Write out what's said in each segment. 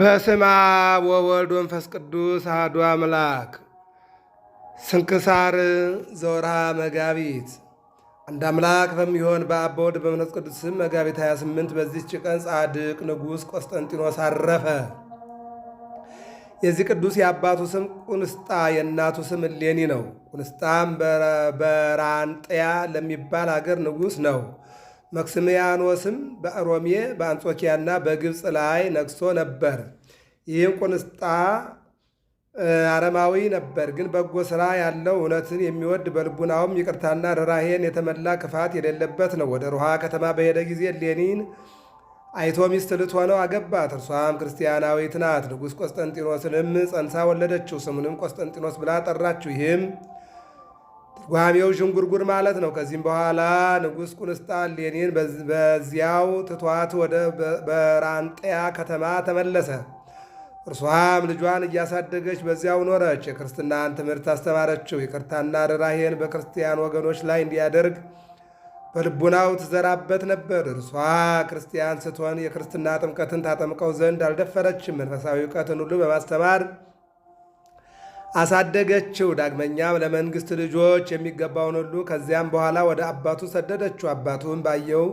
በስመ አብ ወወልድ ወመንፈስ ቅዱስ አሐዱ አምላክ። ስንክሳር ዘወርኀ መጋቢት። አንድ አምላክ በሚሆን በአብ በወልድ በመንፈስ ቅዱስ መጋቢት 28 በዚህች ቀን ጻድቅ ንጉሥ ቆስጠንጢኖስ አረፈ። የዚህ ቅዱስ የአባቱ ስም ቁንስጣ የእናቱ ስም እሌኒ ነው። ቁንስጣም በራንጥያ ለሚባል አገር ንጉሥ ነው። ማክሲሚያኖስም በሮሜ በአንጾኪያና በግብፅ ላይ ነግሶ ነበር። ይህም ቁንስጣ አረማዊ ነበር፣ ግን በጎ ስራ ያለው እውነትን የሚወድ በልቡናውም ይቅርታና ርኅራኄን የተመላ ክፋት የሌለበት ነው። ወደ ሮሃ ከተማ በሄደ ጊዜ ሌኒን አይቶ ሚስት ልትሆነው አገባት። እርሷም ክርስቲያናዊት ናት። ንጉሥ ቆስጠንጢኖስንም ጸንሳ ወለደችው። ስሙንም ቆስጠንጢኖስ ብላ ጠራችው። ይህም ጓሚው ዥንጉርጉር ማለት ነው። ከዚህም በኋላ ንጉሥ ቁንስጣ ሌኒን በዚያው ትቷት ወደ በራንጠያ ከተማ ተመለሰ። እርሷም ልጇን እያሳደገች በዚያው ኖረች። የክርስትናን ትምህርት አስተማረችው። ይቅርታና ርኅራኄን በክርስቲያን ወገኖች ላይ እንዲያደርግ በልቡናው ትዘራበት ነበር። እርሷ ክርስቲያን ስትሆን የክርስትና ጥምቀትን ታጠምቀው ዘንድ አልደፈረችም። መንፈሳዊ እውቀትን ሁሉ በማስተማር አሳደገችው። ዳግመኛ ለመንግስት ልጆች የሚገባውን ሁሉ ከዚያም በኋላ ወደ አባቱ ሰደደችው። አባቱን ባየው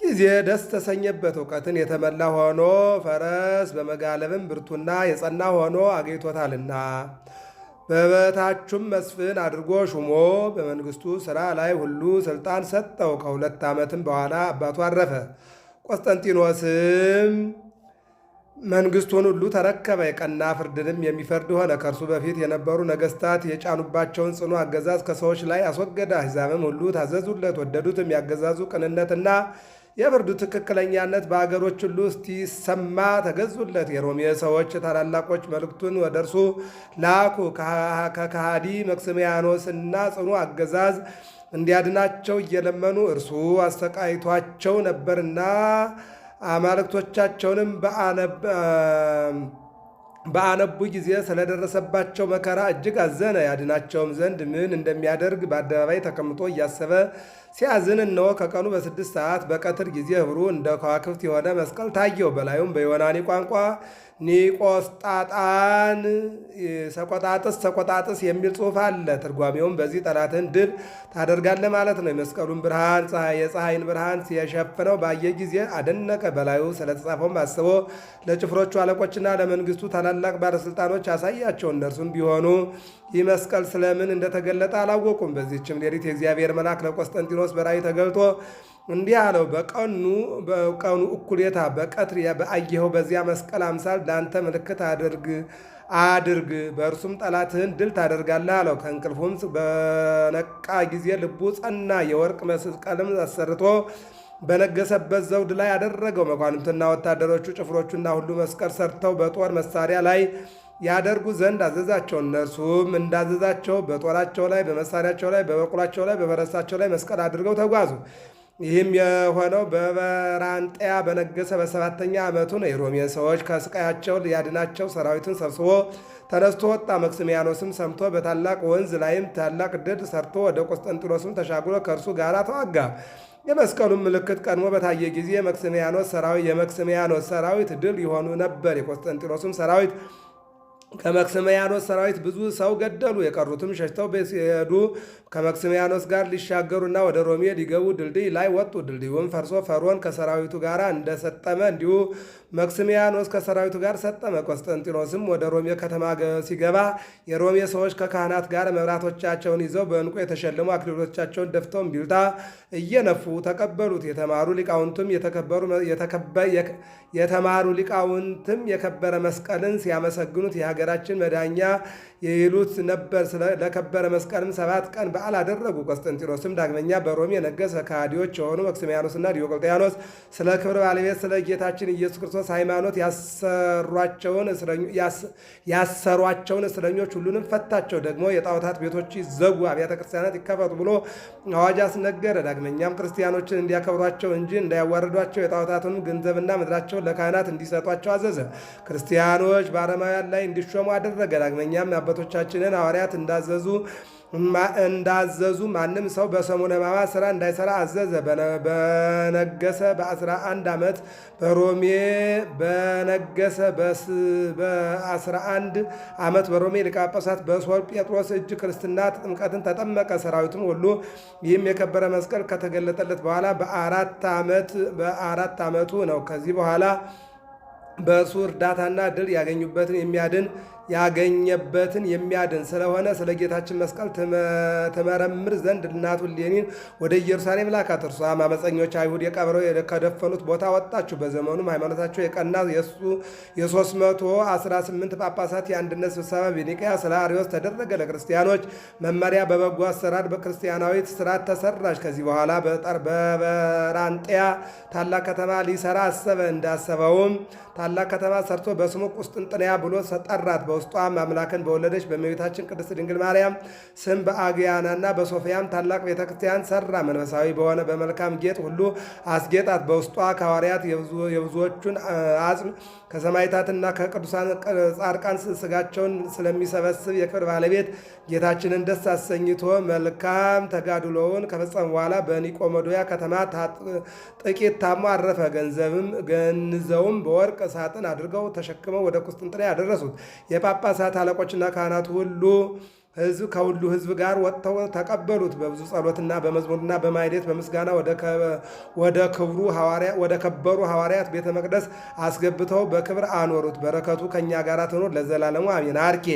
ጊዜ ደስ ተሰኘበት። እውቀትን የተመላ ሆኖ ፈረስ በመጋለብም ብርቱና የጸና ሆኖ አግኝቶታልና በበታቹም መስፍን አድርጎ ሹሞ በመንግስቱ ሥራ ላይ ሁሉ ሥልጣን ሰጠው። ከሁለት ዓመትም በኋላ አባቱ አረፈ። ቆስጠንጢኖስም መንግስቱን ሁሉ ተረከበ። የቀና ፍርድንም የሚፈርድ ሆነ። ከእርሱ በፊት የነበሩ ነገስታት የጫኑባቸውን ጽኑ አገዛዝ ከሰዎች ላይ አስወገደ። አሕዛብም ሁሉ ታዘዙለት፣ ወደዱትም። ያገዛዙ ቅንነትና የፍርዱ ትክክለኛነት በአገሮች ሁሉ እስቲሰማ ተገዙለት። የሮሜ ሰዎች ታላላቆች መልእክቱን ወደ እርሱ ላኩ። ከከሃዲ መክስሚያኖስና ጽኑ አገዛዝ እንዲያድናቸው እየለመኑ እርሱ አሰቃይቷቸው ነበርና አማልክቶቻቸውንም በአነቡ ጊዜ ስለደረሰባቸው መከራ እጅግ አዘነ። ያድናቸውም ዘንድ ምን እንደሚያደርግ በአደባባይ ተቀምጦ እያሰበ ሲያዝን እነሆ ከቀኑ በስድስት ሰዓት በቀትር ጊዜ ህብሩ እንደ ከዋክብት የሆነ መስቀል ታየው። በላዩም በዮናኒ ቋንቋ ኒቆስጣጣን ሰቆጣጥስ ሰቆጣጥስ የሚል ጽሑፍ አለ። ትርጓሜውም በዚህ ጠላትን ድል ታደርጋለህ ማለት ነው። የመስቀሉን ብርሃን የፀሐይን ብርሃን የሸፍነው ባየ ጊዜ አደነቀ። በላዩ ስለተጻፈውም አስቦ ለጭፍሮቹ አለቆችና ለመንግስቱ ታላላቅ ባለስልጣኖች አሳያቸው። እነርሱም ቢሆኑ ይህ መስቀል ስለምን እንደተገለጠ አላወቁም። በዚህችም ሌሊት የእግዚአብሔር መልአክ ለቆስጠንጢኖስ ጳውሎስ በራእይ ተገልጦ እንዲህ አለው፣ በቀኑ በቀኑ እኩሌታ በቀትር በአየኸው በዚያ መስቀል አምሳል ለአንተ ምልክት አድርግ አድርግ በእርሱም ጠላትህን ድል ታደርጋለህ አለው። ከእንቅልፉም በነቃ ጊዜ ልቡ ጸና። የወርቅ መስቀልም አሰርቶ በነገሰበት ዘውድ ላይ አደረገው። መኳንንትና ወታደሮቹ ጭፍሮቹና ሁሉ መስቀል ሰርተው በጦር መሳሪያ ላይ ያደርጉ ዘንድ አዘዛቸው። እነርሱም እንዳዘዛቸው በጦራቸው ላይ፣ በመሳሪያቸው ላይ፣ በበቁላቸው ላይ፣ በፈረሳቸው ላይ መስቀል አድርገው ተጓዙ። ይህም የሆነው በበራንጠያ በነገሰ በሰባተኛ ዓመቱ ነው። የሮሜን ሰዎች ከስቃያቸው ሊያድናቸው ሰራዊትን ሰብስቦ ተነስቶ ወጣ። መክስሚያኖስም ሰምቶ በታላቅ ወንዝ ላይም ታላቅ ድድ ሰርቶ ወደ ቆስጠንጢኖስም ተሻግሮ ከእርሱ ጋር ተዋጋ። የመስቀሉን ምልክት ቀድሞ በታየ ጊዜ የመክስሚያኖስ ሰራዊት የመክስሚያኖስ ሰራዊት ድል ይሆኑ ነበር። የቆስጠንጢኖስም ሰራዊት ከመክስምያኖስ ሰራዊት ብዙ ሰው ገደሉ። የቀሩትም ሸሽተው ሄዱ። ከመክስሚያኖስ ጋር ሊሻገሩና ወደ ሮሜ ሊገቡ ድልድይ ላይ ወጡ። ድልድዩም ፈርሶ ፈሮን ከሰራዊቱ ጋር እንደሰጠመ እንዲሁ መክስሚያኖስ ከሰራዊቱ ጋር ሰጠመ። ቆስጠንጢኖስም ወደ ሮሜ ከተማ ሲገባ የሮሜ ሰዎች ከካህናት ጋር መብራቶቻቸውን ይዘው በእንቁ የተሸለሙ አክሊሎቻቸውን ደፍተው ቢልታ እየነፉ ተቀበሉት። የተማሩ ሊቃውንትም የተማሩ ሊቃውንትም የከበረ መስቀልን ሲያመሰግኑት የሀገራችን መዳኛ ይሉት ነበር። ለከበረ መስቀልም ሰባት ቀን በዓል አደረጉ። ቆስጠንጢኖስም ዳግመኛ በሮም የነገሰ ከሃዲዎች የሆኑ መክሲሚያኖስና ዲዮቅልጥያኖስ ስለ ክብር ባለቤት ስለ ጌታችን ኢየሱስ ክርስቶስ ሃይማኖት ያሰሯቸውን እስረኞች ሁሉንም ፈታቸው። ደግሞ የጣዖታት ቤቶች ይዘጉ፣ አብያተ ክርስቲያናት ይከፈቱ ብሎ አዋጅ አስነገረ። ዳግመኛም ክርስቲያኖችን እንዲያከብሯቸው እንጂ እንዳያዋርዷቸው የጣዖታቱንም ገንዘብና ምድራቸውን ለካህናት እንዲሰጧቸው አዘዘ። ክርስቲያኖች በአረማውያን ላይ እንዲሾሙ አደረገ። ዳግመኛም አባቶቻችንን ሐዋርያት እንዳዘዙ እንዳዘዙ ማንም ሰው በሰሙነ ሕማማት ስራ እንዳይሰራ አዘዘ። በነገሰ በአስራ አንድ ዓመት በሮሜ በነገሰ በአስራ አንድ ዓመት በሮሜ ሊቀ ጳጳሳት በሶር ጴጥሮስ እጅ ክርስትና ጥምቀትን ተጠመቀ፣ ሰራዊቱም ሁሉ። ይህም የከበረ መስቀል ከተገለጠለት በኋላ በአራት ዓመት በአራት ዓመቱ ነው። ከዚህ በኋላ በእርሱ እርዳታና ድል ያገኙበትን የሚያድን ያገኘበትን የሚያድን ስለሆነ ስለ ጌታችን መስቀል ትመረምር ዘንድ እናቱን ሌኒን ወደ ኢየሩሳሌም ላካት። እርሷም አመፀኞች አይሁድ የቀብረው ከደፈኑት ቦታ ወጣችሁ። በዘመኑም ሃይማኖታቸው የቀና የ318 ጳጳሳት የአንድነት ስብሰባ በኒቅያ ስለ አሪዎስ ተደረገ። ለክርስቲያኖች መመሪያ በበጎ አሰራር በክርስቲያናዊት ስርዓት ተሰራች። ከዚህ በኋላ በራንጤያ ታላቅ ከተማ ሊሰራ አሰበ። እንዳሰበውም ታላቅ ከተማ ሰርቶ በስሙ ቁስጥንጥንያ ብሎ ጠራት። በውስጧም አምላክን በወለደች በእመቤታችን ቅድስት ድንግል ማርያም ስም በአግያናና በሶፊያም ታላቅ ቤተክርስቲያን ሰራ። መንፈሳዊ በሆነ በመልካም ጌጥ ሁሉ አስጌጣት። በውስጧ ከሐዋርያት የብዙዎቹን አጽም ከሰማይታትና ከቅዱሳን ጻድቃን ስጋቸውን ስለሚሰበስብ የክብር ባለቤት ጌታችንን ደስ አሰኝቶ መልካም ተጋድሎውን ከፈጸመ በኋላ በኒቆመዶያ ከተማ ጥቂት ታሞ አረፈ። ገንዘብም ገንዘውም በወርቅ ሳጥን አድርገው ተሸክመው ወደ ቁስጥንጥንያ ያደረሱት። ጳጳሳት አለቆችና ካህናት ሁሉ ህዝብ ከሁሉ ህዝብ ጋር ወጥተው ተቀበሉት። በብዙ ጸሎትና በመዝሙርና በማይዴት በምስጋና ወደ ክብሩ ወደ ከበሩ ሐዋርያት ቤተ መቅደስ አስገብተው በክብር አኖሩት። በረከቱ ከእኛ ጋር ትኖር ለዘላለሙ አሜን። አርኬ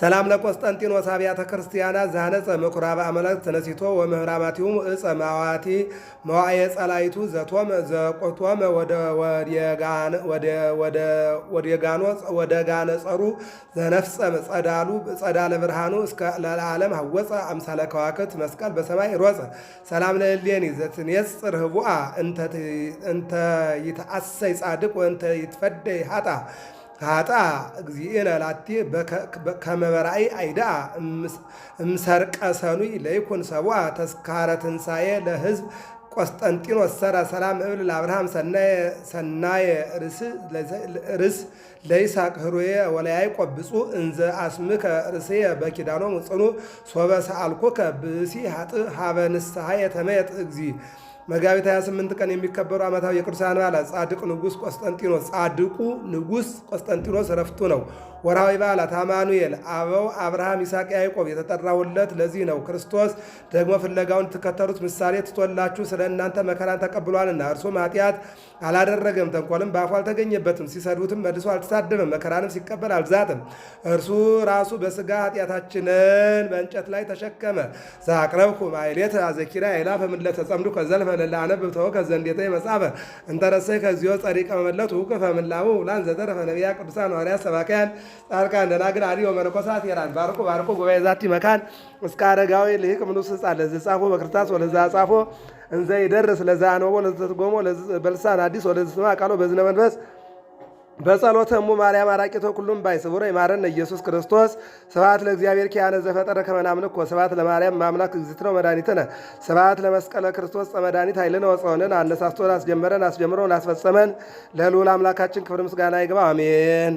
ሰላም ለቆስጠንጢኖስ አብያተ ክርስቲያናት ዛነጸ ምኩራበ አመለክ ተነሲቶ ወምህራማቲሁም እፀ ማዋቲ መዋዕየ ጸላይቱ ዘቶም ዘቆቶም ወደ ጋነ ጸሩ ዘነፍጸ ጸዳሉ ጸዳለ ብርሃኑ እስከ ለዓለም ሐወፀ አምሳለ ከዋክብት መስቀል በሰማይ ሮፀ ሰላም ለእሌኒ ዘትኔስጽር ህቡአ እንተ ይትአሰይ ጻድቅ ወእንተ ይትፈደይ ሀጣ ሃጣ እግዚእነ ላቲ ከመ አይዳ እምሰርቀ ሰኑይ ለይኩን ሰብአ ተስካረ ትንሣኤ ለህዝብ ቆስጠንጢኖስ ሰረ ሰላም እብል ለአብርሃም ሰናየ ርስ ለይሳቅ ህሩየ ወለያዕቆብ ብፁዕ እንዘ አስምከ ርእስየ በኪዳኖም ጽኑ ሶበ ሰአልኩከ ብእሲ ሀጥ ሀበ ንስሐ የተመየጥ እግዚእ መጋቢት 28 ቀን የሚከበሩ ዓመታዊ የቅዱሳን በዓላት ጻድቅ ንጉሥ ቆስጠንጢኖስ ጻድቁ ንጉሥ ቆስጠንጢኖስ ረፍቱ ነው። ወራዊ በዓላት አማኑኤል፣ አበው አብርሃም፣ ይስሐቅ፣ ያዕቆብ የተጠራውለት ለዚህ ነው። ክርስቶስ ደግሞ ፍለጋውን ትከተሉት ምሳሌ ትቶላችሁ ስለ እናንተ መከራን ተቀብሏልና እርሱ ኃጢአት አላደረገም፣ ተንኮልም በአፉ አልተገኘበትም። ሲሰዱትም መልሶ አልተሳደበም፣ መከራንም ሲቀበል አልዛትም። እርሱ ራሱ በስጋ ኃጢአታችንን በእንጨት ላይ ተሸከመ። ዛቅረብኩ ማይሌት አዘኪራ አይላፈ ምለተ ተጸምዱ ከዘልፈ ለለአነብ ብተወ ከዘንዴተ መጻፈ እንተረሰይ ከዚዮ ጸሪቀ መመለቱ ውቅፈ ምላሙ ውላን ዘተረፈ ነቢያ ቅዱሳን ሐዋርያ ሰባካያን ጻድቃን ደናግል አልዮ መነኮሳት የራን ባርቁ ባርቁ ጉባኤ ዛቲ መካን እስከ አረጋዊ ልሂቅ ምኑስ ህፃን ለዝ ጻፎ በክርታስ ወለዛ ጻፎ እንዘ ይደርስ ለዛ ነው አንበቦ ለዘተትጎሞ በልሳን አዲስ ወለዘስማ ቃሎ በዝነ መንፈስ በጸሎተ እሙ ማርያም አራቂቶ ሁሉም ባይ ስቡረ ይማረን ኢየሱስ ክርስቶስ። ስብሐት ለእግዚአብሔር ኪያነ ዘፈጠረ ከመናምልኮ ስብሐት ለማርያም ማምላክ እግዝእትነ መድኃኒትነ ስብሐት ለመስቀለ ክርስቶስ መድኃኒት ኃይልነ ወጸወንን አነሳስቶን አስጀመረን አስጀምሮን አስፈጸመን ለልዑል አምላካችን ክብር ምስጋና ይግባ አሜን።